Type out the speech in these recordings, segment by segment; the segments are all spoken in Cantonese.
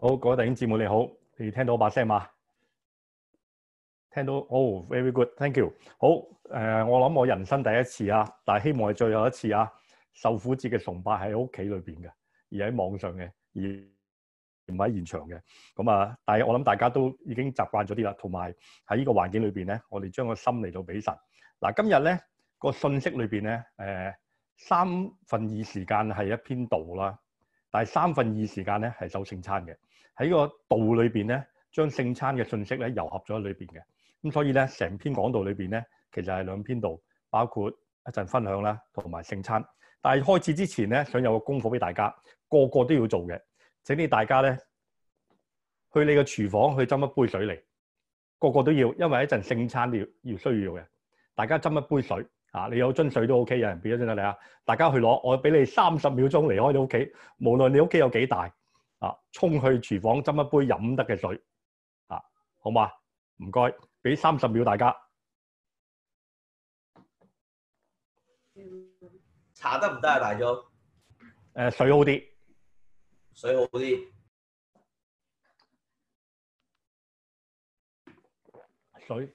好，各位弟兄姊妹你好，你聽到我把聲嘛？聽到好，oh，very good，thank you。好，誒，我諗我人生第一次啊，但係希望係最後一次啊，受苦節嘅崇拜喺屋企裏邊嘅，而喺網上嘅，而唔喺現場嘅。咁啊，但係我諗大家都已經習慣咗啲啦，同埋喺呢個環境裏邊咧，我哋將個心嚟到俾神。嗱，今日咧個信息裏邊咧，誒，三分二時間係一篇道啦。但係三分二時間咧係守聖餐嘅，喺個道裏邊咧將聖餐嘅信息咧糅合咗喺裏邊嘅。咁所以咧成篇講道裏邊咧其實係兩篇道，包括一陣分享啦同埋聖餐。但係開始之前咧想有個功課俾大家，個個都要做嘅，請你大家咧去你嘅廚房去斟一杯水嚟，個個都要，因為一陣聖餐都要要需要嘅，大家斟一杯水。啊！你有樽水都 OK，有人俾咗先得你啊！大家去攞，我俾你三十秒鐘離開你屋企，無論你屋企有幾大，啊，衝去廚房斟一杯飲得嘅水，啊，好嘛？唔該，俾三十秒大家。茶得唔得啊，大咗？誒，水好啲。水好啲。水。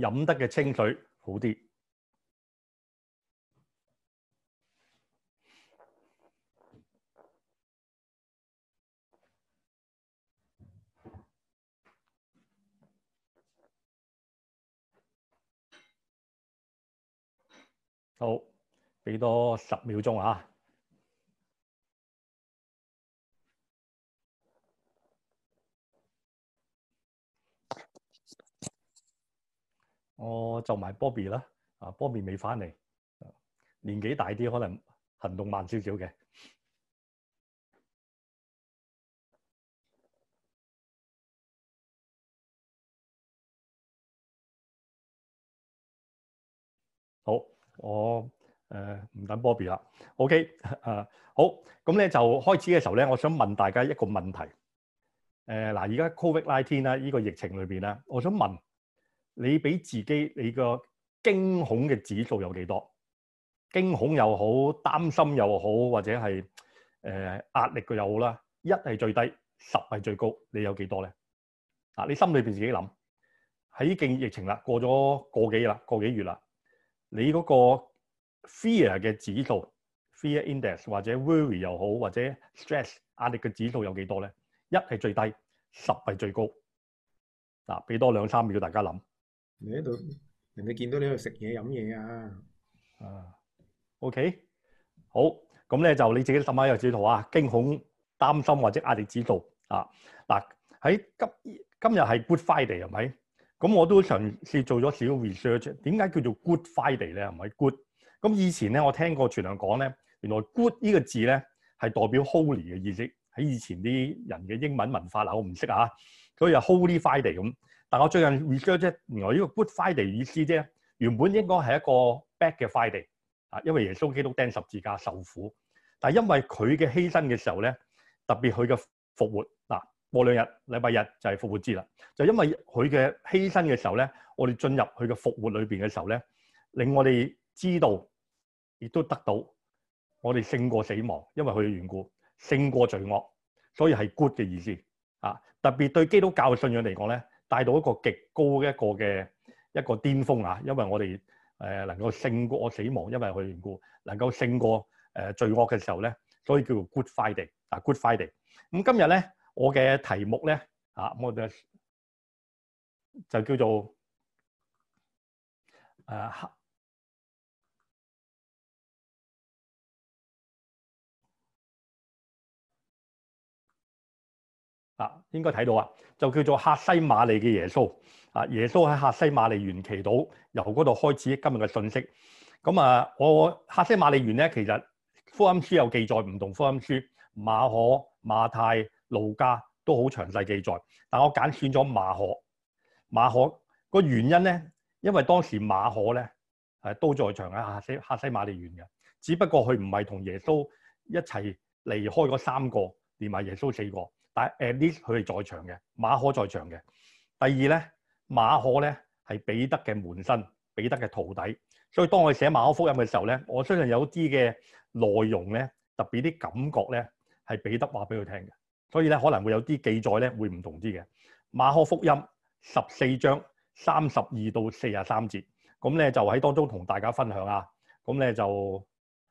飲得嘅清水好啲，好，俾多十秒鐘吓！我就買 Bobby 啦，啊 Bobby 未翻嚟，年紀大啲，可能行動慢少少嘅。好，我誒唔等 Bobby 啦。OK，啊好，咁咧就開始嘅時候咧，我想問大家一個問題。誒、呃、嗱，而家 COVID-19 啦，呢個疫情裏邊咧，我想問。你俾自己你個驚恐嘅指數有幾多？驚恐又好，擔心又好，或者係誒壓力嘅又好啦。一係最低，十係最高，你有幾多咧？啊，你心裏邊自己諗，喺勁疫情啦，過咗個幾啦，個幾月啦，你嗰個 fear 嘅指數，fear index 或者 worry 又好，或者 stress 壓力嘅指數有幾多咧？一係最低，十係最高。嗱，俾多兩三秒大家諗。你喺度，人哋見到你喺度食嘢飲嘢啊！啊，OK，好，咁咧就你自己十米右指圖啊，驚恐、擔心或者壓力指數啊。嗱，喺今今日係 Good Friday 係咪？咁我都嘗試做咗少少 research，點解叫做 Good Friday 咧？係咪 Good？咁以前咧，我聽過全良講咧，原來 Good 呢個字咧係代表 Holy 嘅意思。喺以前啲人嘅英文文化，嗱，我唔識啊，所以係 Holy Friday 咁。但我最近 research 原來呢個 good Friday，意思啫，原本應該係一個 bad 嘅 Friday 啊，因為耶穌基督釘十字架受苦。但係因為佢嘅犧牲嘅時候咧，特別佢嘅復活嗱，過兩日禮拜日就係復活節啦。就因為佢嘅犧牲嘅時候咧，我哋進入佢嘅復活裏邊嘅時候咧，令我哋知道，亦都得到我哋勝過死亡，因為佢嘅緣故，勝過罪惡，所以係 good 嘅意思啊。特別對基督教嘅信仰嚟講咧。帶到一個極高嘅一個嘅一個巔峰啊！因為我哋誒能夠勝過我死亡，因為佢緣故能夠勝過誒罪惡嘅時候咧，所以叫做 Good Friday 啊，Good Friday。咁今日咧，我嘅題目咧嚇，我哋就叫做誒啊，應該睇到啊。就叫做客西馬尼嘅耶穌啊！耶穌喺客西馬尼園祈禱，由嗰度開始今日嘅信息。咁啊，我客西馬尼園咧，其實福音書有記載，唔同福音書馬可、馬太、路加都好詳細記載。但我揀選咗馬可。馬可個原因咧，因為當時馬可咧係都在場喺客西客西馬尼園嘅，只不過佢唔係同耶穌一齊離開嗰三個，連埋耶穌四個。但係誒，at least 佢哋在場嘅，馬可在場嘅。第二咧，馬可咧係彼得嘅門生，彼得嘅徒弟。所以當我寫馬可福音嘅時候咧，我相信有啲嘅內容咧，特別啲感覺咧，係彼得話俾佢聽嘅。所以咧可能會有啲記載咧會唔同啲嘅。馬可福音十四章三十二到四十三節，咁咧就喺當中同大家分享啊。咁咧就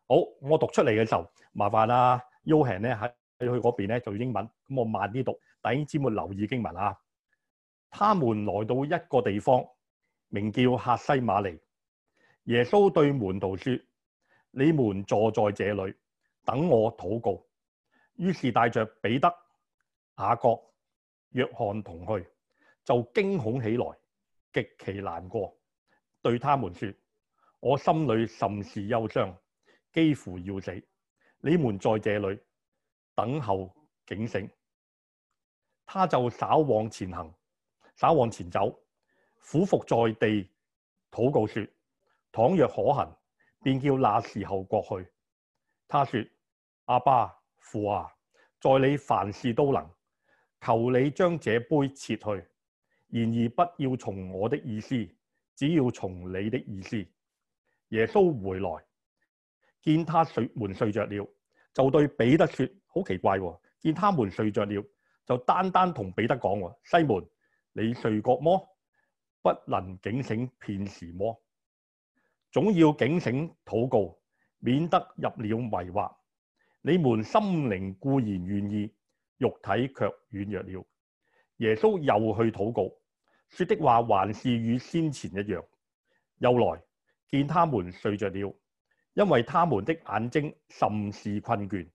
好，我讀出嚟嘅時候，麻煩啦，Yohan 咧喺。你去嗰邊咧就英文，咁我慢啲讀。弟兄姊妹留意經文啊！他們來到一個地方，名叫客西馬尼。耶穌對門徒說：你們坐在這裏，等我禱告。於是帶着彼得、雅各、約翰同去，就驚恐起來，極其難過，對他們說：我心裏甚是憂傷，幾乎要死。你們在這裏。等候警醒，他就稍往前行，稍往前走，俯伏在地，禱告說：倘若可行，便叫那時候過去。他說：阿爸父啊，在你凡事都能，求你將這杯撤去。然而不要從我的意思，只要從你的意思。耶穌回來，見他們睡着了，就對彼得說。好奇怪，見他們睡着了，就單單同彼得講：西門，你睡覺麼？不能警醒片時麼？總要警醒禱告，免得入了迷惑。你們心靈固然願意，肉體卻軟弱了。耶穌又去禱告，說的話還是與先前一樣。又來見他們睡着了，因為他們的眼睛甚是困倦。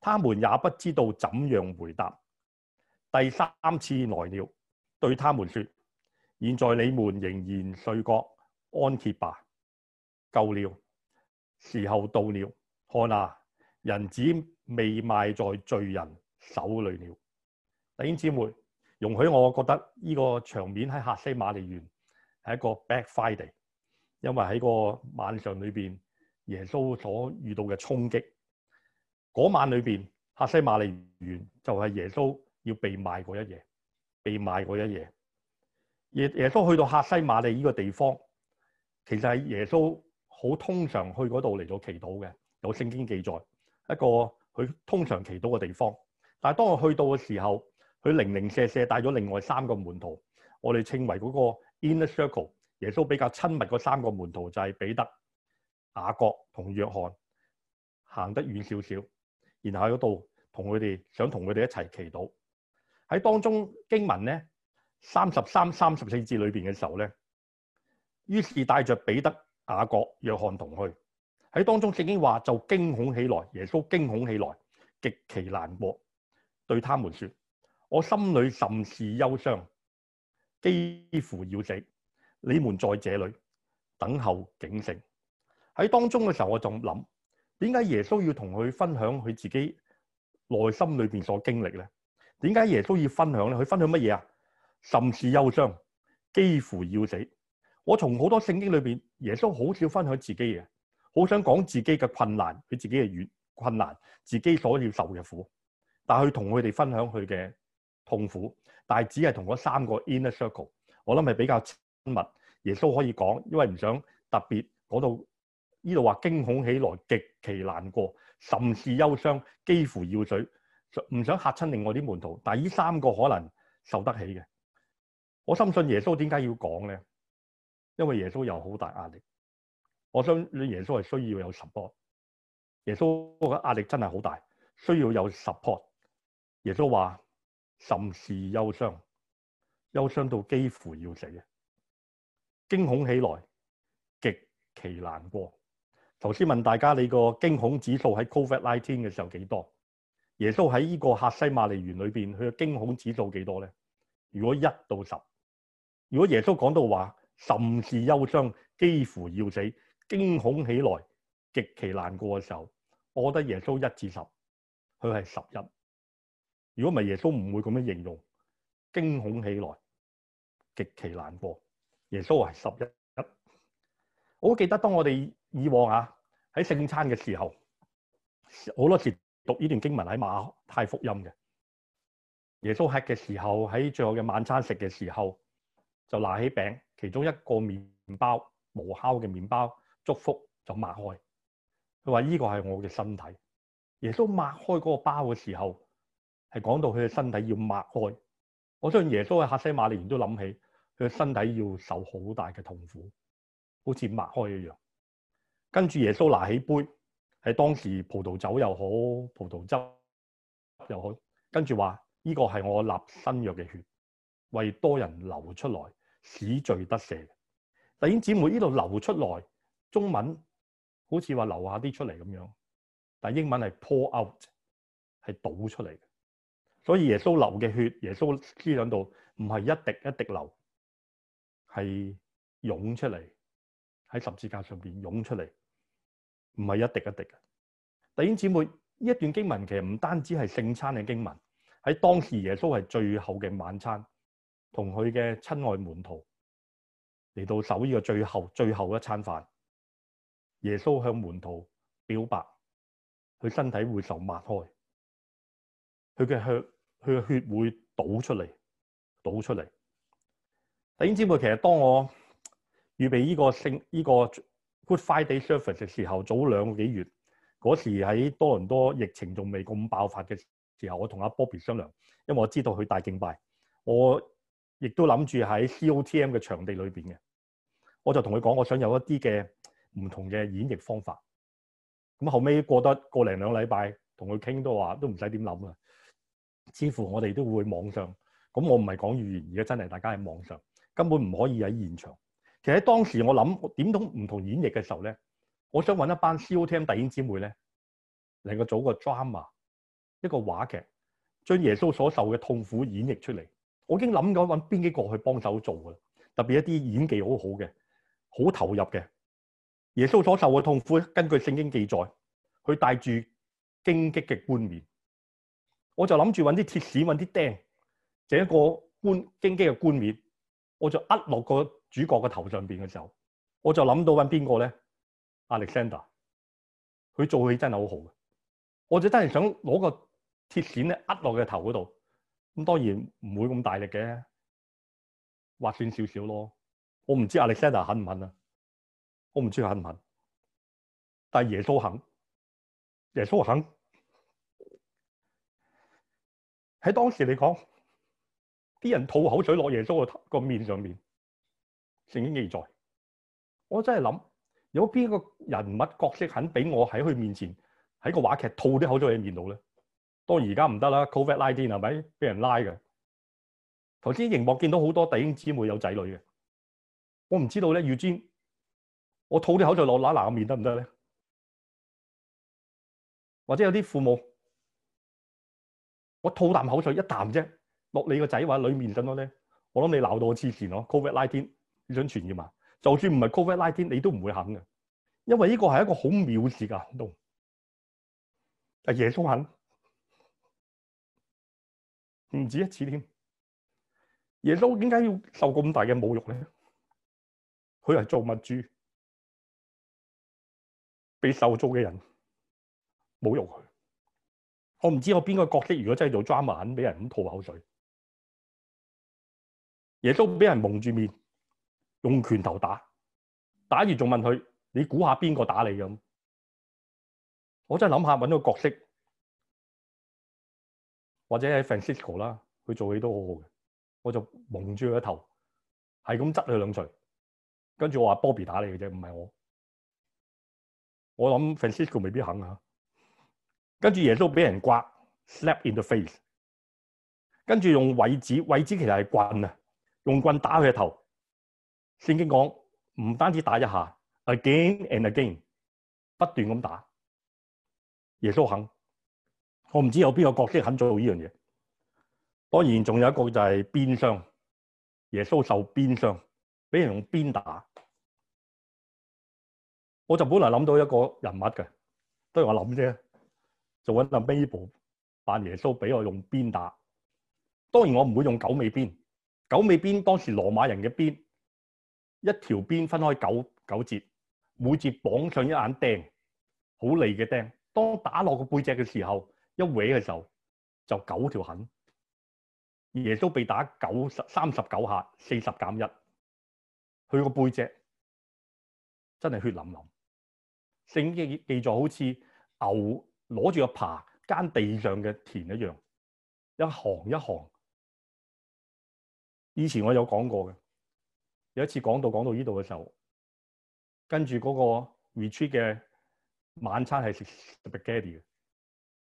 他們也不知道怎樣回答。第三次來了，對他們說：現在你們仍然睡覺，安歇吧，夠了，時候到了。看啊，人子未賣在罪人手裏了。弟兄姊妹，容許我覺得呢個場面喺客西馬尼園係一個 battlefield，因為喺個晚上裏邊，耶穌所遇到嘅衝擊。嗰晚裏邊，客西馬尼園就係、是、耶穌要被賣嗰一夜，被賣嗰一夜。耶耶穌去到客西馬尼呢個地方，其實係耶穌好通常去嗰度嚟做祈禱嘅，有聖經記載一個佢通常祈禱嘅地方。但係當我去到嘅時候，佢零零舍舍帶咗另外三個門徒，我哋稱為嗰個 inner circle，耶穌比較親密嗰三個門徒就係彼得、雅各同約翰，行得遠少少。然後喺嗰度同佢哋想同佢哋一齊祈禱喺當中經文咧三十三三十四字裏邊嘅時候咧，於是帶着彼得、雅各、約翰同去喺當中聖經話就驚恐起來，耶穌驚恐起來，極其難過，對他們説：我心裏甚是憂傷，幾乎要死。你們在這裡等候警醒喺當中嘅時候我想，我仲諗。點解耶穌要同佢分享佢自己內心裏邊所經歷咧？點解耶穌要分享咧？佢分享乜嘢啊？甚是憂傷，幾乎要死。我從好多聖經裏邊，耶穌好少分享自己嘅，好想講自己嘅困難，佢自己嘅軟困難，自己所要受嘅苦。但係佢同佢哋分享佢嘅痛苦，但係只係同嗰三個 inner circle，我諗係比較親密。耶穌可以講，因為唔想特別講到。呢度話驚恐起來極其難過，甚是憂傷，幾乎要死，唔想吓親另外啲門徒。但係呢三個可能受得起嘅，我深信耶穌點解要講咧？因為耶穌有好大壓力。我相信耶穌係需要有 support。耶穌嘅壓力真係好大，需要有 support。耶穌話甚是憂傷，憂傷到幾乎要死啊！驚恐起來，極其難過。頭先問大家你個驚恐指數喺 Covid nineteen 嘅時候幾多？耶穌喺呢個客西馬尼園裏邊，佢嘅驚恐指數幾多咧？如果一到十，如果耶穌講到話甚是憂傷，幾乎要死，驚恐起來，極其難過嘅時候，我覺得耶穌一至十，佢係十一。如果唔係耶穌唔會咁樣形容驚恐起來，極其難過。耶穌係十一。我好記得當我哋以往啊，喺聖餐嘅時候，好多時讀呢段經文喺馬太福音嘅，耶穌吃嘅時候，喺最後嘅晚餐食嘅時候，就拿起餅，其中一個麵包無烤嘅麵包，祝福就擘開。佢話呢個係我嘅身體。耶穌擘開嗰個包嘅時候，係講到佢嘅身體要擘開。我相信耶穌喺客西馬尼園都諗起佢嘅身體要受好大嘅痛苦。好似擘開一樣，跟住，耶穌拿起杯，喺當時葡萄酒又好，葡萄汁又好，跟住話：呢個係我立新約嘅血，為多人流出來，使罪得赦。弟兄姊妹，呢度流出來，中文好似話流下啲出嚟咁樣，但英文係 pour out，係倒出嚟。所以耶穌流嘅血，耶穌思想到唔係一滴一滴流，係湧出嚟。喺十字架上邊湧出嚟，唔係一滴一滴嘅。弟兄姊妹，呢一段經文其實唔單止係聖餐嘅經文，喺當時耶穌係最後嘅晚餐，同佢嘅親愛門徒嚟到守呢個最後最後一餐飯。耶穌向門徒表白，佢身體會受擘開，佢嘅血佢嘅血會倒出嚟，倒出嚟。弟兄姊妹，其實當我預備呢、呢個聖依、呢個 Good Friday service 嘅時候，早兩個幾月嗰時喺多倫多疫情仲未咁爆發嘅時候，我同阿 Bobbi 商量，因為我知道佢大敬拜，我亦都諗住喺 COTM 嘅場地裏邊嘅，我就同佢講，我想有一啲嘅唔同嘅演繹方法。咁後尾過得個零兩禮拜，同佢傾都話都唔使點諗啊，似乎我哋都會網上。咁我唔係講預言，而家真係大家喺網上，根本唔可以喺現場。其實當時我諗點都唔同演繹嘅時候咧，我想揾一班 COTM 弟演姊妹咧嚟，個組個 drama 一個話劇，將耶穌所受嘅痛苦演繹出嚟。我已經諗緊揾邊幾個去幫手做噶，特別一啲演技好好嘅，好投入嘅。耶穌所受嘅痛苦，根據聖經記載，佢帶住荊棘嘅冠冕，我就諗住揾啲鐵線，揾啲釘，整一個官驚冠荊棘嘅冠冕，我就壓落個主角嘅頭上面嘅時候，我就諗到揾邊個咧？Alexander，佢做戲真係好好嘅。我就真係想攞個鐵線咧，呃落佢頭嗰度。咁當然唔會咁大力嘅，划算少少咯。我唔知道 Alexander 肯唔肯啊？我唔知佢肯唔肯。但係耶穌肯，耶穌肯，喺當時嚟講，啲人吐口水落耶穌個個面上面。聖經記載，我真係諗有邊個人物角色肯俾我喺佢面前喺個話劇吐啲口水嘅面度咧。當然而家唔得啦，Covid nineteen 係咪俾人拉嘅？頭先熒幕見到好多弟兄姊妹有仔女嘅，我唔知道咧，玉娟，我吐啲口水落哪嗱個面得唔得咧？或者有啲父母，我吐啖口，口水一啖啫，落你個仔或者女面得唔得咧？我諗你鬧到我黐線咯，Covid nineteen。你想傳染嘛？就算唔係 COVID-19，你都唔會肯嘅，因為呢個係一個好藐視嘅行動。但耶穌肯，唔止一次添。耶穌點解要受咁大嘅侮辱咧？佢係造物主，被受造嘅人侮辱佢。我唔知道我邊個角色，如果真係做 drama，肯俾人咁吐口水。耶穌俾人蒙住面。用拳頭打，打完仲問佢：你估下邊個打你咁？我真係諗下搵個角色，或者係 Francisco 啦，佢做戲都好好嘅。我就蒙住佢個頭，係咁執佢兩錘，跟住我話：Bobby 打你嘅啫，唔係我。我諗 Francisco 未必肯呀。跟住耶穌俾人刮，slap in the face，跟住用葦子，葦子其實係棍啊，用棍打佢個頭。聖經講唔單止打一下，again and again，不斷咁打。耶穌肯，我唔知有邊個角色肯做呢樣嘢？當然仲有一個就係鞭傷，耶穌受鞭傷，俾人用鞭打。我就本來諗到一個人物嘅，都係我諗啫，就搵阿 Mabel 扮耶穌俾我用鞭打。當然我唔會用九尾鞭，九尾鞭當時羅馬人嘅鞭。一條鞭分開九九節，每節綁上一眼釘，好利嘅釘。當打落個背脊嘅時候，一搲嘅時候，就九條痕。耶穌被打九十三十九下，四十減一，佢個背脊真係血淋淋。聖經記載好似牛攞住個耙間地上嘅田一樣，一行一行。以前我有講過嘅。有一次講到講到呢度嘅時候，跟住嗰個 retreat 嘅晚餐係食 spaghetti 嘅。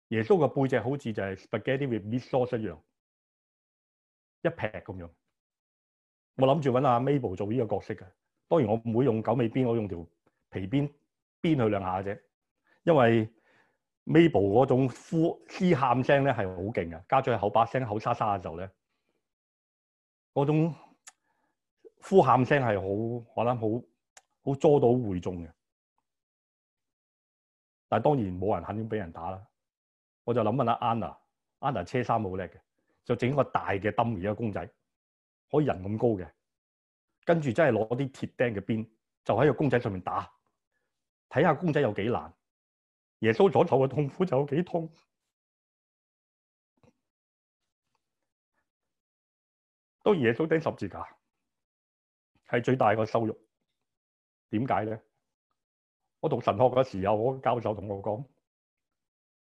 耶穌嘅背脊好似就係 spaghetti with meat sauce 一樣，一劈咁樣。我諗住揾阿 Mabel 做呢個角色嘅。當然我唔會用九尾鞭，我用條皮鞭鞭佢兩下啫。因為 Mabel 嗰種呼嘶喊聲咧係好勁嘅，加咗上去口把聲，口沙沙嘅時候咧，嗰呼喊聲係好，我諗好好捉到會眾嘅。但係當然冇人肯咁俾人打啦。我就諗問阿 Anna，Anna 車衫好叻嘅，就整個大嘅釘而家公仔，可以人咁高嘅。跟住真係攞啲鐵釘嘅鞭，就喺個公仔上面打，睇下公仔有幾難。耶穌所受嘅痛苦就有幾痛，當，耶穌釘十字架。係最大嘅羞辱。點解咧？我讀神學嗰時候，我個教授同我講，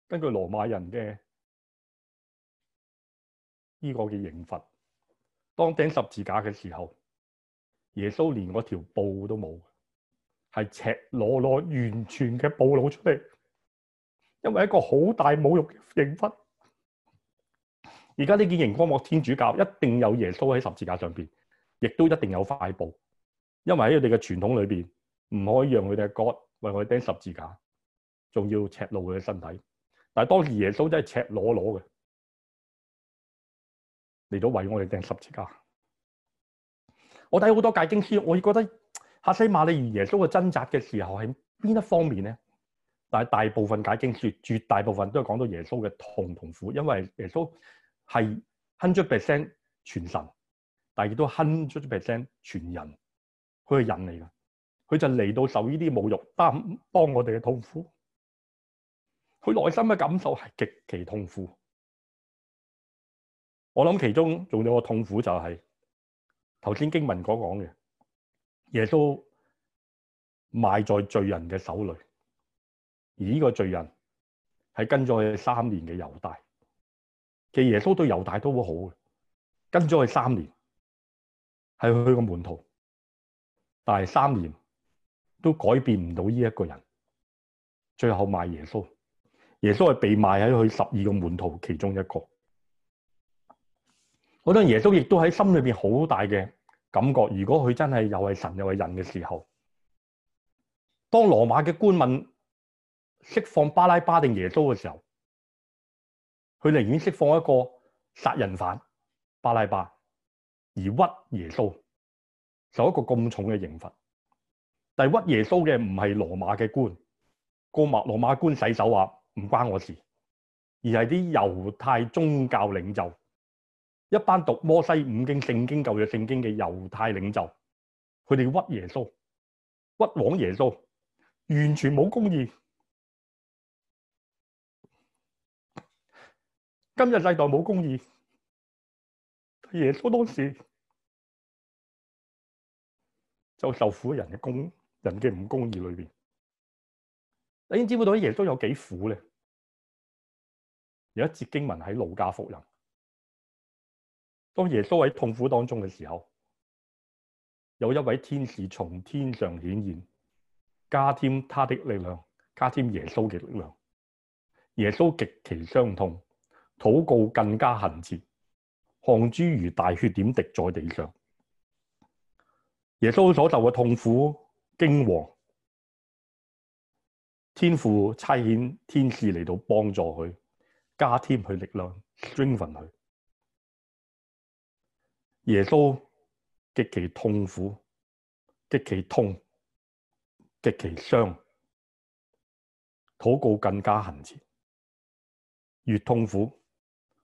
根據羅馬人嘅呢個嘅刑罰，當釘十字架嘅時候，耶穌連嗰條布都冇，係赤裸裸完全嘅暴露出嚟，因為一個好大侮辱嘅刑罰。而家呢件熒光幕，天主教一定有耶穌喺十字架上邊。亦都一定有塊布，因為喺佢哋嘅傳統裏邊，唔可以讓佢哋嘅 God 為我哋釘十字架，仲要赤露佢嘅身體。但係當時耶穌真係赤裸裸嘅嚟到為我哋釘十字架。我睇好多解經書，我會覺得客西馬尼與耶穌嘅掙扎嘅時候係邊一方面咧？但係大部分解經書，絕大部分都係講到耶穌嘅痛同苦，因為耶穌係 hundred percent 全神。但亦都 hundred percent 全人，佢係人嚟㗎，佢就嚟到受呢啲侮辱，擔當我哋嘅痛苦，佢內心嘅感受係極其痛苦。我諗其中仲有個痛苦就係頭先經文所講嘅，耶穌賣在罪人嘅手裏，而呢個罪人係跟咗佢三年嘅猶大，其實耶穌對猶大都好嘅，跟咗佢三年。係佢個門徒，但係三年都改變唔到呢一個人，最後賣耶穌。耶穌係被賣喺佢十二個門徒其中一個。我相信耶穌亦都喺心裏邊好大嘅感覺。如果佢真係又係神又係人嘅時候，當羅馬嘅官問釋放巴拉巴定耶穌嘅時候，佢寧願釋放一個殺人犯巴拉巴。而屈耶穌受一個咁重嘅刑罰，但係屈耶穌嘅唔係羅馬嘅官，嗰個馬羅馬官洗手話唔關我事，而係啲猶太宗教領袖，一班讀摩西五經、聖經舊約聖經嘅猶太領袖，佢哋屈耶穌、屈枉耶穌，完全冇公義。今日世代冇公義。耶穌當時就受苦人嘅公人嘅唔公義裏邊，你知唔知道耶穌有幾苦咧？有一節經文喺路加福音，當耶穌喺痛苦當中嘅時候，有一位天使從天上顯現，加添他的力量，加添耶穌嘅力量。耶穌極其傷痛，禱告更加懇切。汗珠如大血點滴在地上，耶穌所受嘅痛苦、驚惶，天父差遣天使嚟到幫助佢，加添佢力量，strengthen 佢。耶穌極其痛苦，極其痛，極其傷，禱告更加懇切。越痛苦，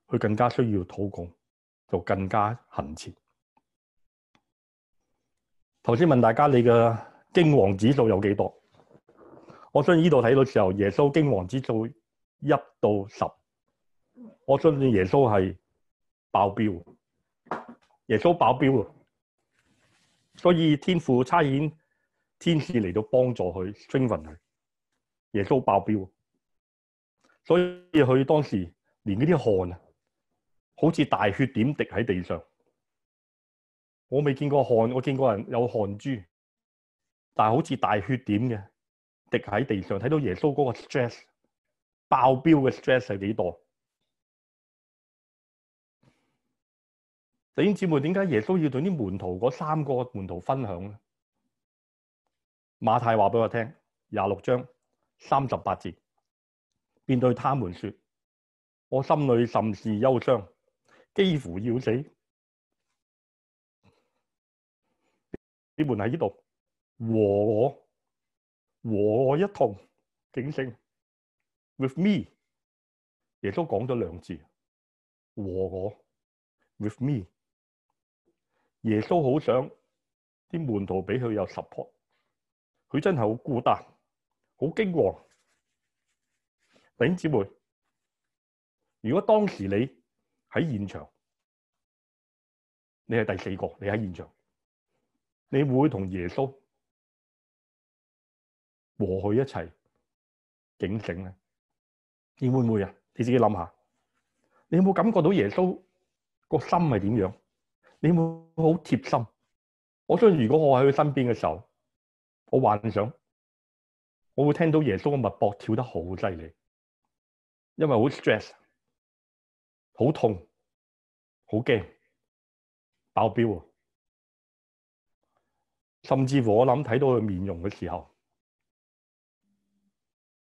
佢更加需要禱告。就更加行前。頭先問大家你嘅驚慌指數有幾多？我相信呢度睇到時候，耶穌驚慌指數一到十，我相信耶穌係爆標。耶穌爆標啊！所以天父差遣天使嚟到幫助佢 strengthen 佢。耶穌爆標，所以佢當時連呢啲汗啊～好似大血點滴喺地上，我未見過汗，我見過人有汗珠，但係好似大血點嘅滴喺地上。睇到耶穌嗰個 stress 爆表嘅 stress 係幾多？弟兄姊妹，點解耶穌要同啲門徒嗰三個門徒分享咧？馬太話俾我聽廿六章三十八節，便對他們說：我心裡甚是憂傷。幾乎要死，你們喺呢度和我，和我一同警醒，with me。耶穌講咗兩字，和我，with me。耶穌好想啲門徒俾佢有 support，佢真係好孤單，好驚惶。弟兄姊妹，如果當時你，喺現場，你係第四個，你喺現場，你會唔會同耶穌和佢一齊警醒咧？你會唔會啊？你自己諗下，你有冇感覺到耶穌個心係點樣？你會唔會好貼心？我相信如果我喺佢身邊嘅時候，我幻想我會聽到耶穌嘅脈搏跳得好犀利，因為好 stress。好痛，好驚，爆表啊！甚至乎我諗睇到佢面容嘅時候，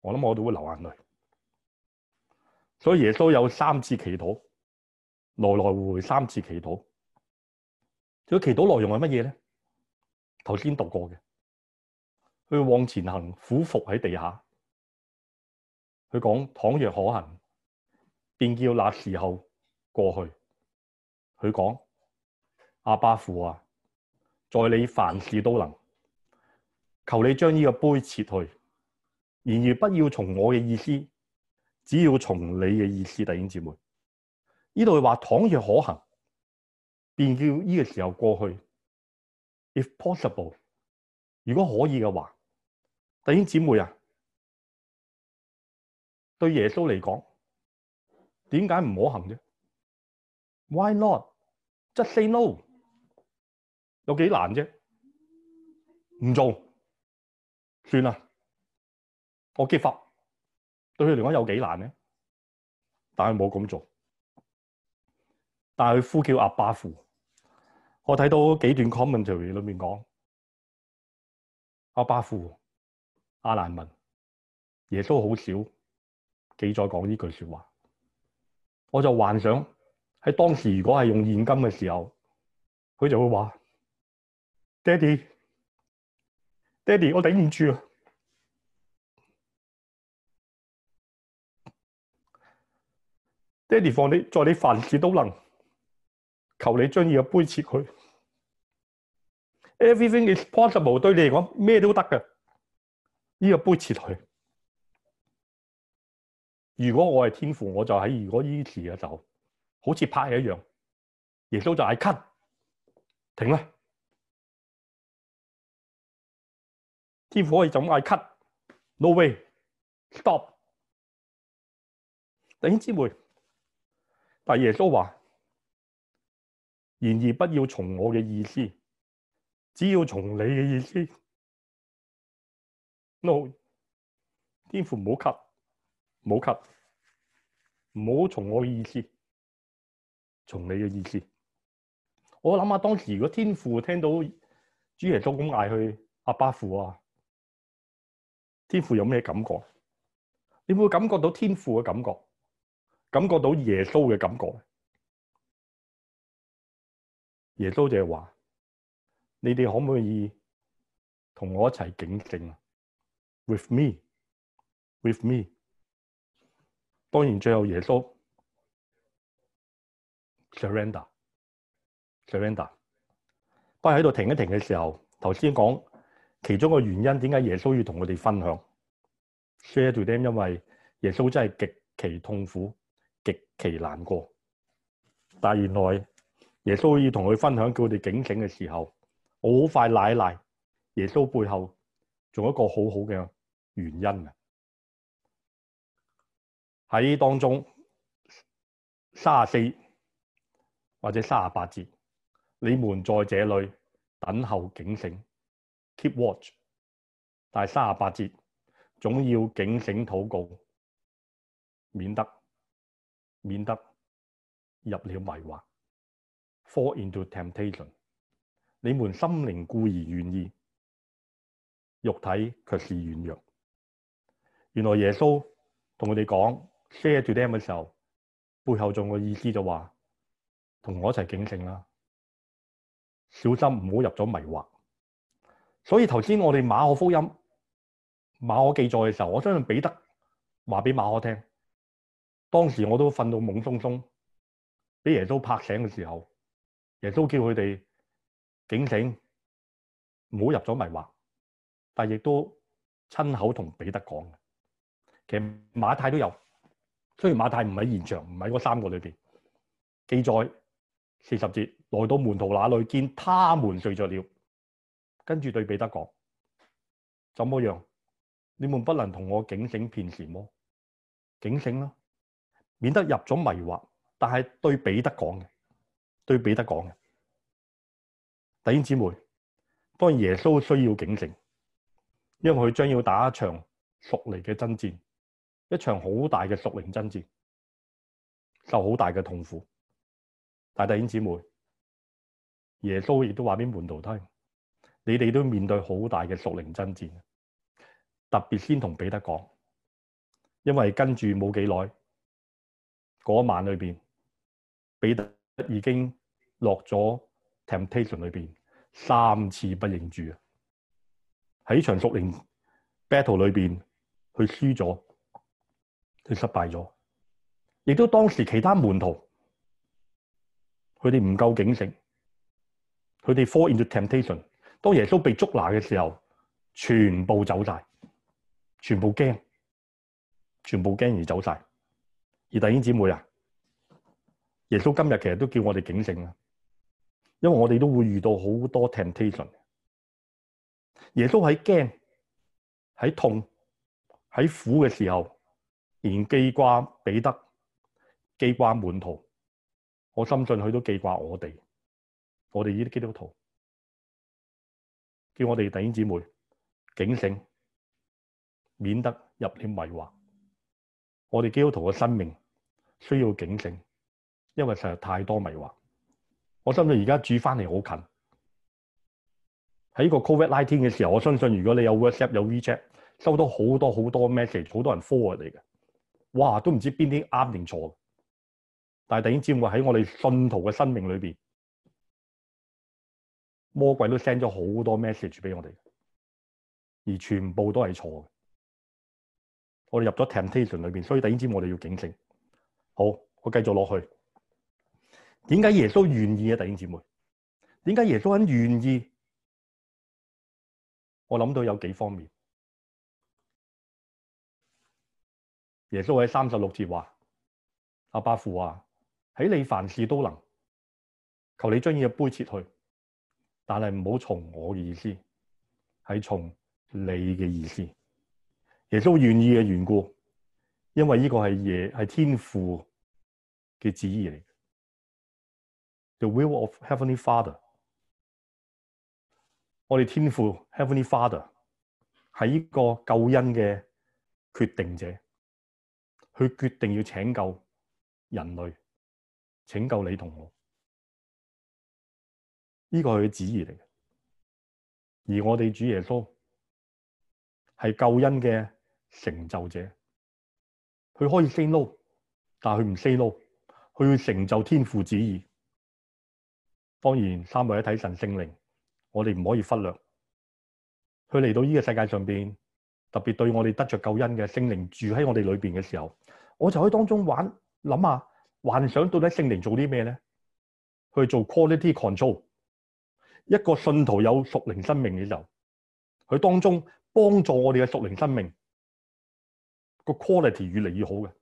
我諗我都會流眼淚。所以耶穌有三次祈禱，來來回回三次祈禱。佢祈禱內容係乜嘢咧？頭先讀過嘅，佢往前行，俯伏喺地下，佢講：倘若可行。便叫那時候過去，佢講阿爸父啊，在你凡事都能，求你將呢個杯撤去，然而不要從我嘅意思，只要從你嘅意思。弟兄姊妹，呢度佢話倘若可行，便叫呢個時候過去。If possible，如果可以嘅話，弟兄姊妹啊，對耶穌嚟講。點解唔可行啫？Why not？Just say no 有。有幾難啫？唔做，算啦。我激發對佢嚟講有幾難咧？但係冇咁做。但佢呼叫阿巴父，我睇到幾段 commentary 裏面講阿巴父、阿蘭文耶穌好少記載講呢句說話。我就幻想喺當時，如果係用現金嘅時候，佢就會話：爹地，爹地，我頂唔住啊！爹地，放你，在你凡事都能，求你將呢個杯撤去。Everything is possible，對你嚟講，咩都得㗎。呢個杯撤去。如果我係天父，我就喺如果呢時嘅時候，好似拍戲一樣。耶穌就嗌 cut，停啦！天父可以咁嗌 cut，no way，stop。弟兄姊妹，但耶穌話：然而不要從我嘅意思，只要從你嘅意思。no，天父唔好 cut 唔好及，唔好從我嘅意思，從你嘅意思。我諗下當時如果天父聽到主耶穌咁嗌去阿巴父啊，天父有咩感覺？你會唔會感覺到天父嘅感覺，感覺到耶穌嘅感覺。耶穌就話：你哋可唔可以同我一齊警醒啊？With me, with me。當然最後耶穌 surrender，surrender，surrender 但係喺度停一停嘅時候，頭先講其中嘅原因，點解耶穌要同佢哋分享 share to them 因為耶穌真係極其痛苦、極其難過。但係原來耶穌要同佢分享，叫佢哋警醒嘅時候，我好快奶奶。耶穌背後仲有一個好好嘅原因。喺當中三十四或者三十八節，你們在這裏等候警醒，keep watch。但三十八節，總要警醒禱告，免得免得入了迷惑，fall into temptation。你們心靈固然願意，肉體卻是軟弱。原來耶穌同我們講。share 住 them 嘅時候，背後仲個意思就話同我一齊警醒啦，小心唔好入咗迷惑。所以頭先我哋馬可福音馬可記載嘅時候，我相信彼得話俾馬可聽，當時我都瞓到懵鬆鬆，俾耶穌拍醒嘅時候，耶穌叫佢哋警醒，唔好入咗迷惑，但亦都親口同彼得講嘅，其實馬太都有。.雖然馬太唔喺現場，唔喺嗰三個裏面。記載四十節，來到門徒那裏，見他們睡着了，跟住對彼得講：怎麼樣？你們不能同我警醒片時麼？警醒啦，免得入咗迷惑。但係對彼得講嘅，對彼得講嘅，弟兄姊妹，當然耶穌需要警醒，因為佢將要打一場屬靈嘅爭戰。一場好大嘅屬靈爭戰，受好大嘅痛苦。大弟兄姊妹，耶穌亦都話畀門徒聽，你哋都面對好大嘅屬靈爭戰。特別先同彼得講，因為跟住冇幾耐嗰晚裏面，彼得已經落咗 temptation 裏，三次不認主，在喺場屬靈 battle 佢失敗咗，亦都當時其他門徒佢哋唔夠警醒，佢哋 fall into temptation。當耶穌被捉拿嘅時候，全部走晒，全部驚，全部驚而走晒。而弟兄姊妹啊，耶穌今日其實都叫我哋警醒啊，因為我哋都會遇到好多 temptation。耶穌喺驚、喺痛、喺苦嘅時候。連記掛彼得、記掛門徒，我深信佢都記掛我哋。我哋呢啲基督徒，叫我哋弟兄姊妹警醒，免得入面迷惑。我哋基督徒嘅生命需要警醒，因為實在太多迷惑。我相信而家住翻嚟好近喺個 Covid nineteen 嘅時候，我相信如果你有 WhatsApp 有 WeChat，收到好多好多 message，好多人 follow 你嘅。哇！都唔知邊啲啱定錯，但係弟兄姊妹喺我哋信徒嘅生命裏邊，魔鬼都 send 咗好多 message 俾我哋，而全部都係錯嘅。我哋入咗 temptation 裏邊，所以弟兄姊妹我哋要警醒。好，我繼續落去。點解耶穌願意啊？弟兄姊妹，點解耶穌肯願意？我諗到有幾方面。耶穌喺三十六節話：阿爸父話喺你凡事都能，求你將這杯撤去，但係唔好從我嘅意思，係從你嘅意思。耶穌願意嘅緣故，因為呢個係耶係天父嘅旨意嚟嘅。The will of heavenly father，我哋天父 heavenly father 係呢個救恩嘅決定者。佢決定要拯救人類，拯救你同我，呢個係佢旨意嚟嘅。而我哋主耶穌係救恩嘅成就者，佢可以 say no，但係佢唔 say no，佢要成就天父旨意。當然，三位一體神聖靈，我哋唔可以忽略佢嚟到呢個世界上邊。特別對我哋得着救恩嘅聖靈住喺我哋裏邊嘅時候，我就喺當中玩諗下幻想，到底聖靈做啲咩咧？去做 quality control，一個信徒有屬靈生命嘅時候，佢當中幫助我哋嘅屬靈生命個 quality 越嚟越好嘅。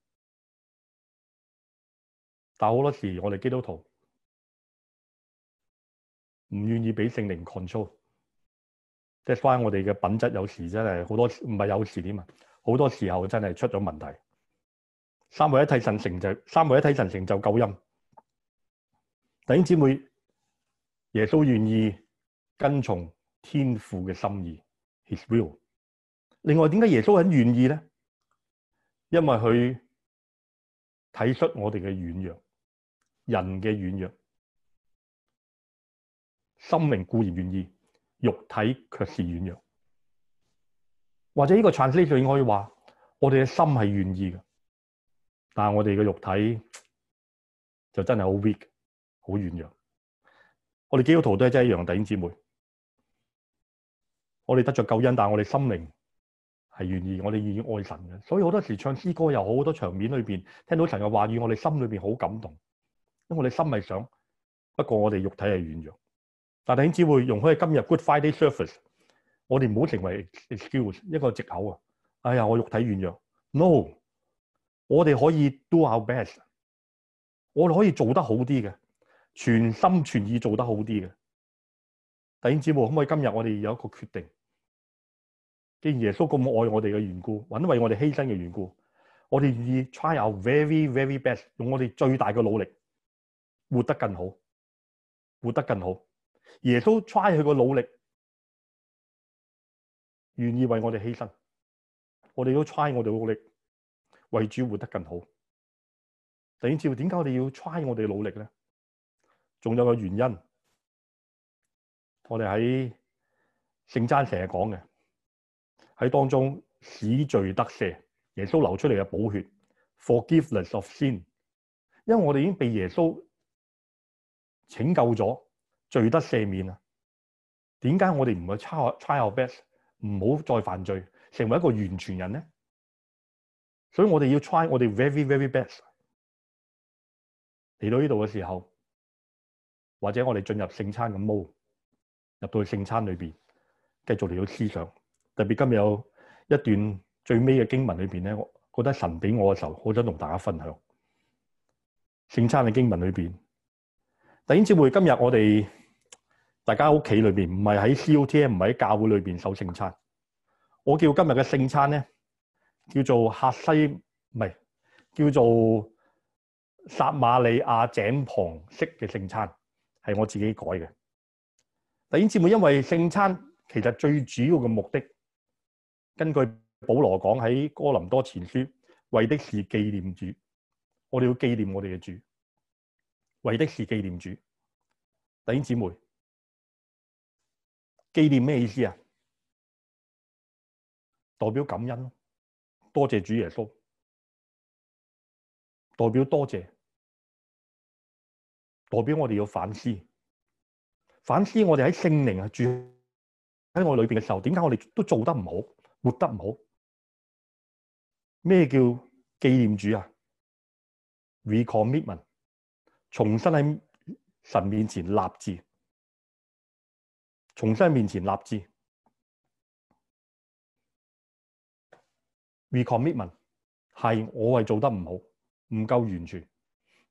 但好多時我哋基督徒唔願意俾聖靈 control。即係我哋嘅品質，有時真係好多唔係有時點啊？好多時候真係出咗問題。三位一體神成就，三位一體神成就救恩。弟兄姊妹，耶穌願意跟從天父嘅心意。His will。另外，點解耶穌肯願意咧？因為佢睇出我哋嘅軟弱，人嘅軟弱，心靈固然願意。肉體卻是軟弱，或者呢個 translation 可以話，我哋嘅心係願意嘅，但係我哋嘅肉體就真係好 weak，好軟弱。我哋基督徒都係真係一樣，弟兄姊妹，我哋得着救恩，但係我哋心靈係願意，我哋願意愛神嘅。所以好多時唱詩歌又好，好多場面裏邊，聽到神嘅話語，我哋心裏邊好感動，因為我哋心係想，不過我哋肉體係軟弱。但係弟兄姊妹，容許我今日 Good Friday service，我哋唔好成為 excuse 一個借口啊。哎呀，我肉體軟弱。No，我哋可以 do our best，我哋可以做得好啲嘅，全心全意做得好啲嘅。弟兄姊妹，可唔可以今日我哋有一個決定？既然耶穌咁愛我哋嘅緣故，為我哋犧牲嘅緣故，我哋願意 try our very very best，用我哋最大嘅努力，活得更好，活得更好。耶穌 try 佢個努力，願意為我哋犧牲。我哋都 try 我哋努力，為主活得更好。第二，至於點解我哋要 try 我哋努力呢？還有一個原因，我哋喺聖餐成日講嘅喺當中死罪得赦。耶穌流出嚟嘅寶血，forgiveness of sin，因為我哋已經被耶穌拯救咗。罪得赦免啊，點解我哋唔去 try try our best 唔好再犯罪，成為一個完全人呢？所以我哋要 try 我哋 very very best 嚟到呢度嘅時候，或者我哋進入聖餐嘅 mode 入到去聖餐裏邊，繼續嚟到思想。特別今日有一段最尾嘅經文裏邊咧，我覺得神俾我嘅時候，好想同大家分享聖餐嘅經文裏邊。弟兄姊妹，今日我哋大家屋企裏面唔係喺 COTM，唔係喺教會裏面守聖餐。我叫今日嘅聖餐咧，叫做客西，唔係，叫做撒瑪利亞井旁式嘅聖餐，係我自己改嘅。弟兄姊妹，因為聖餐其實最主要嘅目的，根據保羅講，喺哥林多前書，為的是紀念主。我哋要紀念我哋嘅主。為的是紀念主，弟兄姊妹，紀念咩意思啊？代表感恩，多謝主耶穌，代表多謝，代表我哋要反思，反思我哋喺聖靈住喺我裏邊嘅時候，點解我哋都做得唔好，活得唔好？咩叫紀念主啊？Recommitment。重新喺神面前立志，重新喺面前立志，recommitment 係我係做得唔好，唔夠完全，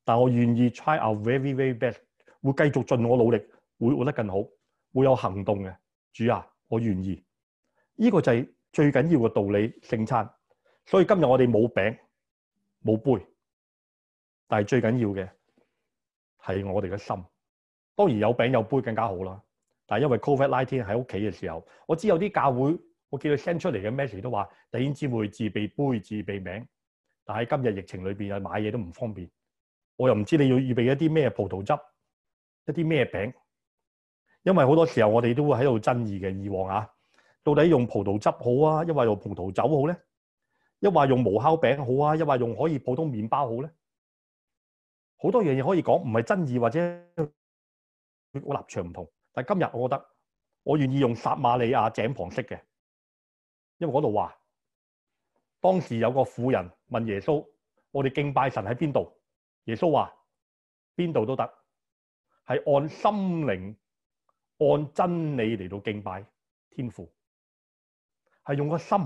但我願意 try our very very best，會繼續盡我努力，會活得更好，會有行動嘅。主啊，我願意。呢個就係最緊要嘅，道理聖餐。所以今日我哋冇餅冇杯，但係最緊要嘅。係我哋嘅心，當然有餅有杯更加好啦。但係因為 COVID-19 喺屋企嘅時候，我知有啲教會，我見到 send 出嚟嘅 message 都話，突然之間自備杯、自備餅。但係今日疫情裏邊啊，買嘢都唔方便。我又唔知道你要預備一啲咩葡萄汁，一啲咩餅。因為好多時候我哋都會喺度爭議嘅，以往啊，到底用葡萄汁好啊，一話用葡萄酒好咧，一話用無烤餅好啊，一話用可以普通麵包好咧。好多樣嘢可以講，唔係真義或者立場唔同。但今日我覺得，我願意用撒馬利亞井旁式嘅，因為嗰度話，當時有個婦人問耶穌：我哋敬拜神喺邊度？耶穌話：邊度都得，係按心靈、按真理嚟到敬拜天父，係用個心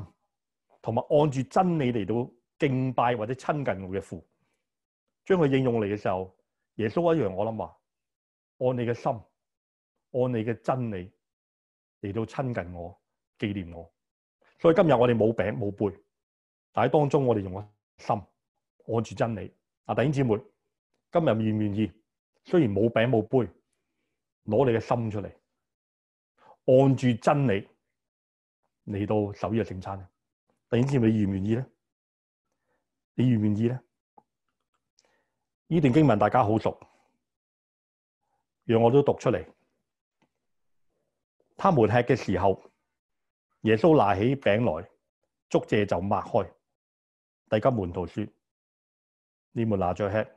同埋按住真理嚟到敬拜或者親近我嘅父。將佢應用嚟嘅時候，耶穌一樣，我諗話，按你嘅心，按你嘅真理嚟到親近我，紀念我。所以今日我哋冇餅冇杯，但係當中我哋用個心按住真理。啊，弟兄姊妹，今日願唔願意？雖然冇餅冇杯，攞你嘅心出嚟，按住真理嚟到守依個聖餐。弟兄姊妹，你願唔願意咧？你願唔願意咧？你願呢段經文大家好熟，讓我都讀出嚟。他們吃的時候，耶穌拿起餅來，祝謝就擘開，遞給門徒說：你們拿着吃，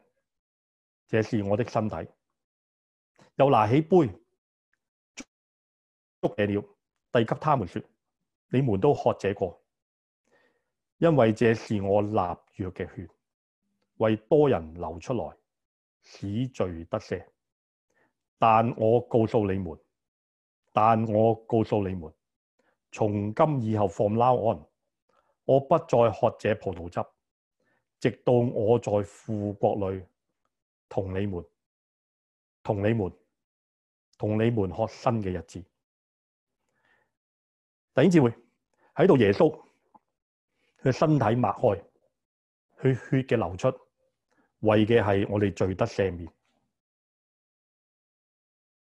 這是我的身體。又拿起杯，祝謝了，遞給他們說：你們都喝這個，因為這是我立約的血。為多人流出來，使罪得赦。但我告訴你們，但我告訴你們，從今以後放撈案，我不再喝這葡萄汁，直到我在父國裏同你們、同你們、同你們喝新嘅日子。弟兄姊妹喺度，耶穌佢身體擘開，佢血嘅流出。為嘅係我哋罪得赦免，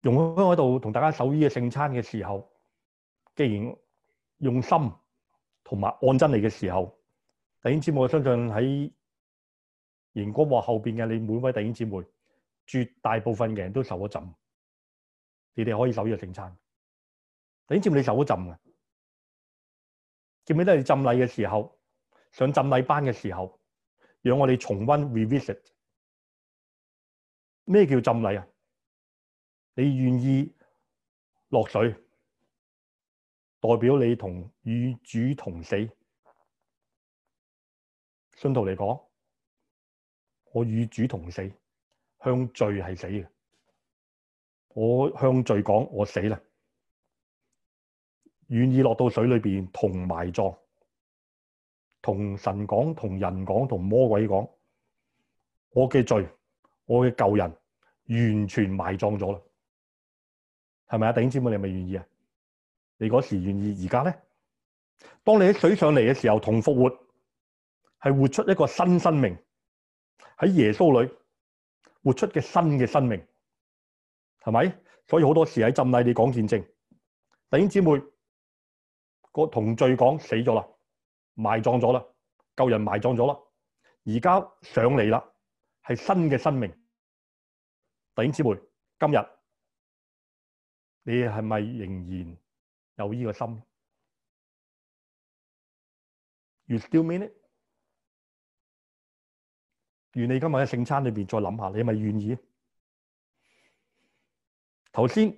用開喺度同大家守依個聖餐嘅時候，既然用心同埋按真理嘅時候，弟兄姊妹，我相信喺熒光幕後邊嘅你每位弟兄姊妹，絕大部分嘅人都受咗浸，你哋可以守依個聖餐。弟兄姊妹，你受咗浸嘅，記唔記得你浸禮嘅時候，上浸禮班嘅時候？讓我哋重溫，revisit 咩叫浸禮啊？你願意落水，代表你同與主同死。信徒嚟講，我與主同死，向罪係死嘅。我向罪講，我死了，願意落到水裏面，同埋葬。同神講、同人講、同魔鬼講，我嘅罪、我嘅舊人完全埋葬咗啦，係咪啊？弟兄姊妹，你係咪願意啊？你嗰時願意，而家咧，當你喺水上嚟嘅時候同復活，係活出一個新生命喺耶穌裏活出嘅新嘅生命，係咪？所以好多時喺浸禮，你講見證，弟兄姊妹，個同罪講死咗啦。埋葬咗啦，救人埋葬咗啦，而家上嚟啦，係新嘅生命。弟兄姊妹，今日你係咪仍然有呢個心？You still mean it 願你今日喺聖餐裏邊再諗下，你係咪願意？頭先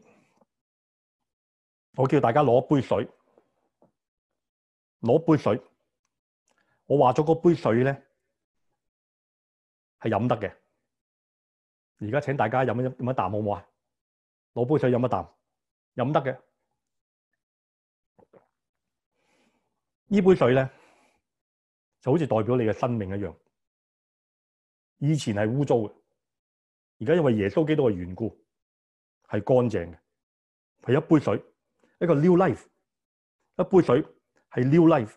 我叫大家攞杯水，攞杯水。我話咗嗰杯水咧，係飲得嘅，而家請大家飲一飲一啖，好唔好啊？攞杯水飲一啖，飲得嘅。呢杯水咧就好似代表你嘅生命一樣，以前係污糟嘅，而家因為耶穌基督嘅緣故係乾淨嘅。係一杯水，一個 new life，一杯水係 new life。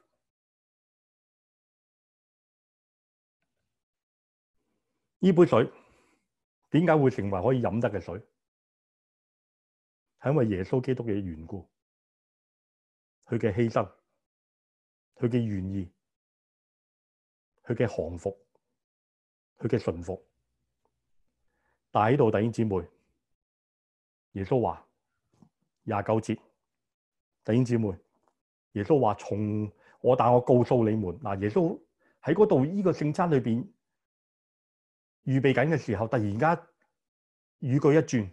呢杯水點解會成為可以飲得嘅水？係因為耶穌基督嘅緣故，佢嘅犧牲，佢嘅願意，佢嘅降服，佢嘅順服。但喺度，弟兄姊妹，耶穌話廿九節，弟兄姊妹，耶穌話從我，但我告訴你們嗱，耶穌喺嗰度呢個聖餐裏邊。預備緊嘅時候，突然間語句一轉，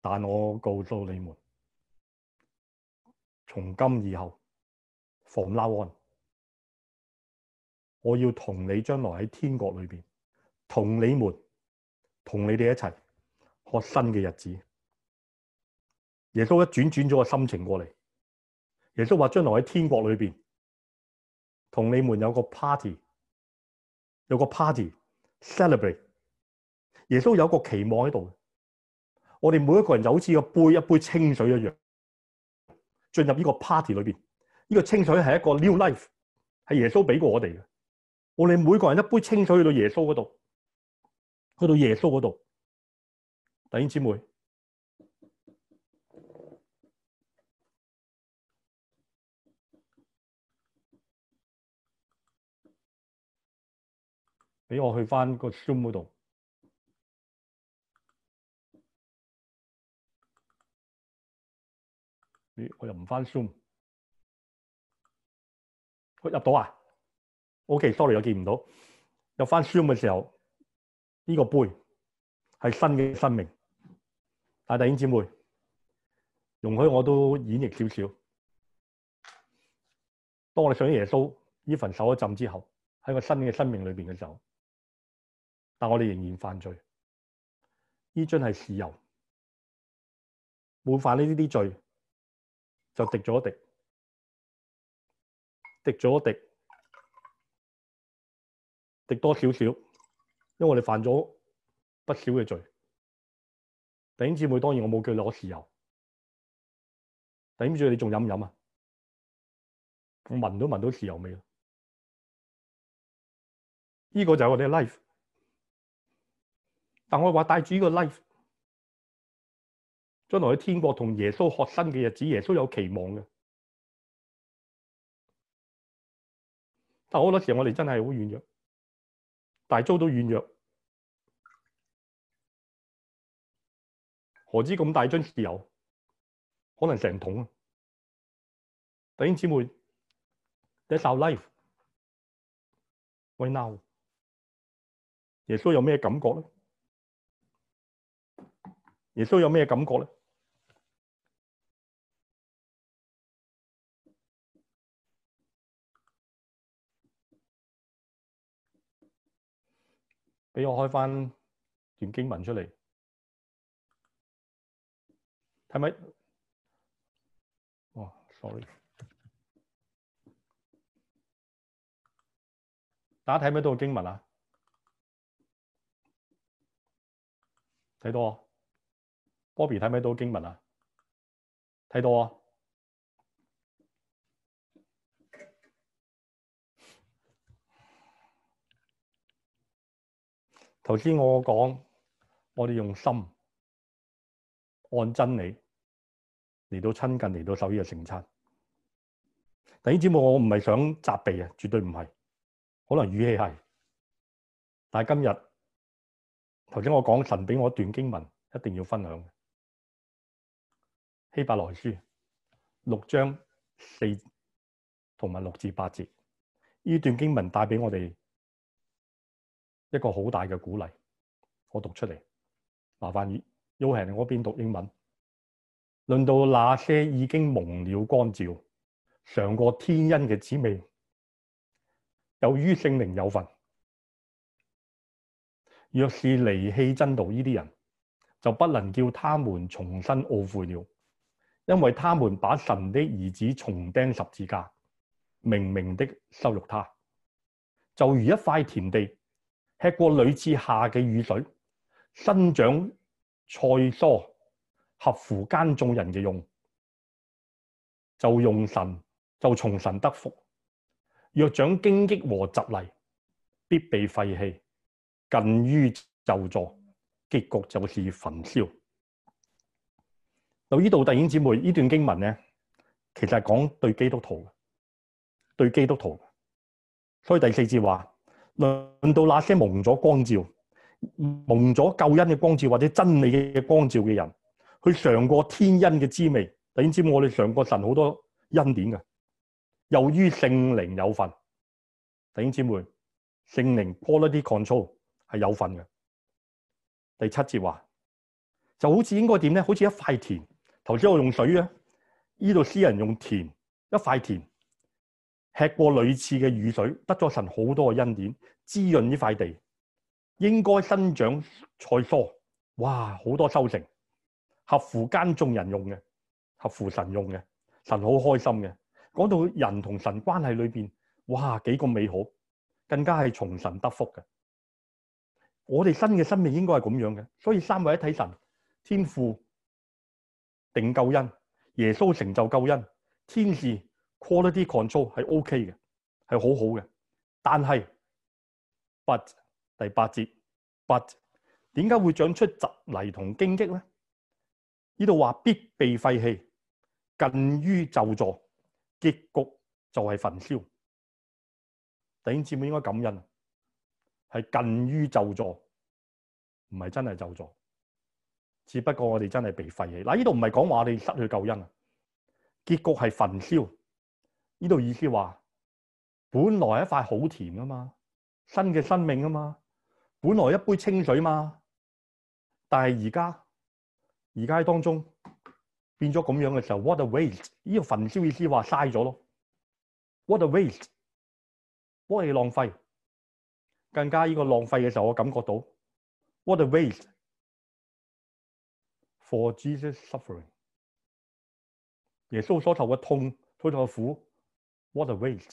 但我告訴你們，從今以後，防拉安，我要同你將來喺天國裏邊，同你們，同你哋一齊，學新嘅日子。耶穌一轉轉咗個心情過嚟，耶穌話：將來喺天國裏邊，同你們有個 party，有個 party。celebrate，耶穌有個期望喺度，我哋每一個人就好似個杯一杯清水一樣，進入呢個 party 裏邊，呢個清水係一個 new life，係耶穌俾過我哋嘅，我哋每個人一杯清水去到耶穌嗰度，去到耶穌嗰度，弟兄姊妹。俾我去翻個 Zoom 嗰度，我又唔翻 Zoom，我入到啊？OK，sorry，、okay, 又見唔到。入翻 Zoom 嘅時候，呢個杯係新嘅生命。大弟兄姊妹，容許我都演繹少少。當我哋信耶穌呢份受浸之後，喺個新嘅生命裏邊嘅時候。但我哋仍然犯罪。呢樽係豉油，冇犯呢啲啲罪，就滴咗一滴，滴咗一滴，滴多少少，因為我哋犯咗不少嘅罪。弟兄姊妹，當然我冇叫你攞豉油，頂住你仲飲唔飲啊？我聞都聞到豉油味了。呢、呢個就係我哋嘅 life。但我話帶住呢個 life，將來喺天國同耶穌學新嘅日子，耶穌有期望嘅。但好多時候我哋真係好軟弱，但係遭到軟弱，何止咁大樽豉油，可能成桶啊！弟兄姊妹，That's our life，喂，Now，耶穌有咩感覺咧？耶穌有咩感覺呢？俾我開翻段經文出嚟，睇、哦、看哦哇，sorry，大家睇唔睇到的經文啊？睇到啊。Bobby 睇唔睇到經文啊？睇到啊！頭先我講，我哋用心按真理嚟到親近，嚟到守呢個聖餐。第二節目我唔係想責備啊，絕對唔係，可能語氣係。但係今日頭先我講神俾我一段經文，一定要分享。希伯來書六章四同埋六至八節，呢段經文帶俾我哋一個好大嘅鼓勵。我讀出嚟，麻煩 y 喺你嗰邊讀英文。論到那些已經蒙了光照、嘗過天恩嘅滋味，由於聖靈有份，若是離棄真道呢啲人，就不能叫他們重新懊悔了。因為他們把神的兒子重釘十字架，明明的羞辱他，就如一塊田地，吃過屢次下嘅雨水，生長菜蔬，合乎耕種人嘅用，就用神就從神得福。若長荊棘和蒺藜，必被廢棄，近於咒詛，結局就是焚燒。有呢度弟兄姊妹，呢段經文咧，其實係講對基督徒的，嘅對基督徒的。所以第四節話，論到那些蒙咗光照、蒙咗救恩嘅光照或者真理嘅光照嘅人，去嘗過天恩嘅滋味。弟兄姊妹，我哋嘗過神好多恩典嘅。由於聖靈有份，弟兄姊妹，聖靈鋪一啲礦粗係有份嘅。第七節話，就好似應該點咧？好似一塊田。頭先我用水啊，呢度私人用田，一塊田吃過屢次嘅雨水，得咗神好多嘅恩典，滋潤呢塊地，應該生長菜蔬，哇，好多收成，合乎耕種人用嘅，合乎神用嘅，神好開心嘅。講到人同神關係裏面，哇，幾咁美好，更加係從神得福嘅。我哋新嘅生命應該係咁樣嘅，所以三位一體神天父。定救恩，耶穌成就救恩，天使 call 啲 control 係 OK 嘅，係好好嘅。但係，but 第八節，but 點解會長出蒺藜同荊棘咧？呢度話必被廢棄，近於咒詛，結局就係焚燒。弟兄姊妹應該感恩，係近於咒詛，唔係真係咒詛。只不過我哋真係被廢棄嗱，呢度唔係講話我哋失去救恩啊，結局係焚燒。呢度意思話，本來一塊好甜啊嘛，新嘅生命啊嘛，本來一杯清水嘛，但係而家，而家喺當中變咗咁樣嘅時候，what a waste！呢個焚燒意思話嘥咗咯，what a waste！what 係乜嘢浪費？更加呢個浪費嘅時候，我感覺到 what a waste！for Jesus suffering，耶穌所受嘅痛，所受嘅苦，What a waste！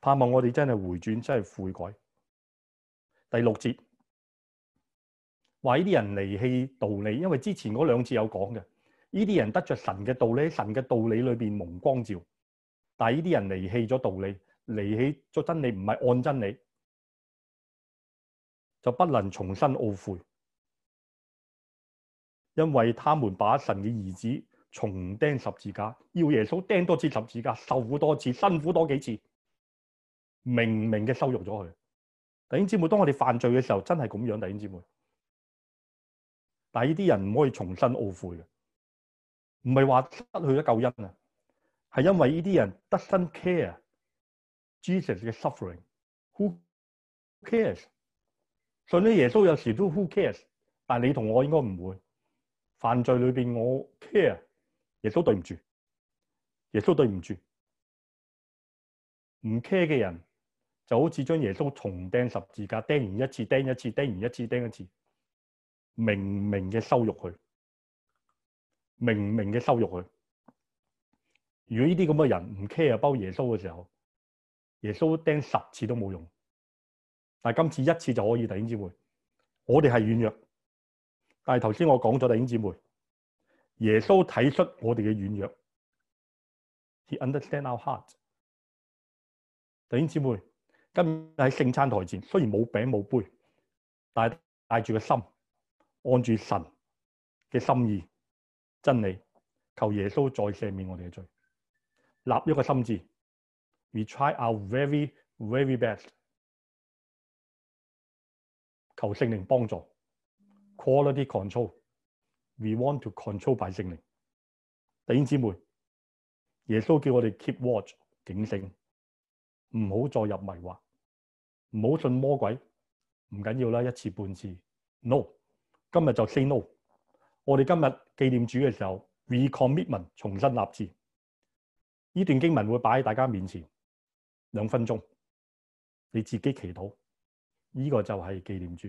盼望我哋真係回轉，真係悔改。第六節話呢啲人離棄道理，因為之前嗰兩節兩次有講嘅，呢啲人得着神嘅道理，神嘅道理裏邊蒙光照，但係呢啲人離棄咗道理，離棄咗真理，唔係按真理，就不能重新懊悔。因為他們把神嘅兒子重釘十字架，要耶穌釘多次十字架，受苦多次，辛苦多幾次，明明嘅羞辱咗佢。弟兄姊妹，當我哋犯罪嘅時候，真係咁樣，弟兄姊妹。但係呢啲人唔可以重新懊悔嘅，唔係話失去咗救恩啊，係因為呢啲人 doesn't care Jesus 嘅 suffering，who cares？信咗耶穌有時都 who cares，但係你同我應該唔會。犯罪裏邊，我 care，耶穌對唔住，耶穌對唔住，唔 care 嘅人就好似將耶穌重釘十字架，釘完一次釘一次，釘完一次釘一次，明明嘅羞辱佢，明明嘅羞辱佢。如果呢啲咁嘅人唔 care 包耶穌嘅時候，耶穌釘十次都冇用，但係今次一次就可以。弟兄姊妹，我哋係軟弱。但係頭先我講咗，弟兄姐妹，耶穌睇出我哋嘅軟弱，He understands our heart。弟兄姐妹，今日喺聖餐台前，雖然冇餅冇杯，但係帶住個心，按住神嘅心意、真理，求耶穌再赦免我哋嘅罪，立一個心志，We try our very very best，求聖靈幫助。Quality control，We want to control by 聖靈。弟兄姊妹，耶穌叫我哋 keep watch 警醒，唔好再入迷惑，唔好信魔鬼。唔緊要啦，一次半次，no。今日就 say no。我哋今日紀念主嘅時候，recommitment 重新立志。呢段經文會擺喺大家面前兩分鐘，你自己祈禱。呢個就係紀念主。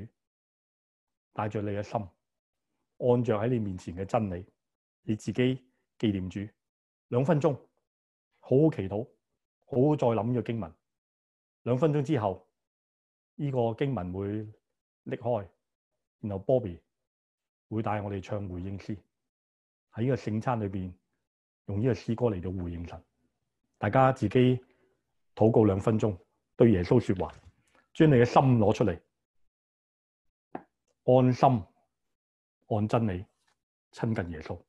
帶着你嘅心，按着喺你面前嘅真理，你自己紀念住兩分鐘，好好祈禱，好好再諗呢個經文。兩分鐘之後，呢、這個經文會裂開，然後 Bobby 會帶我哋唱回應詩，喺呢個聖餐裏面，用呢個詩歌嚟到回應神。大家自己禱告兩分鐘，對耶穌說話，將你嘅心攞出嚟。安心，按真理親近耶穌。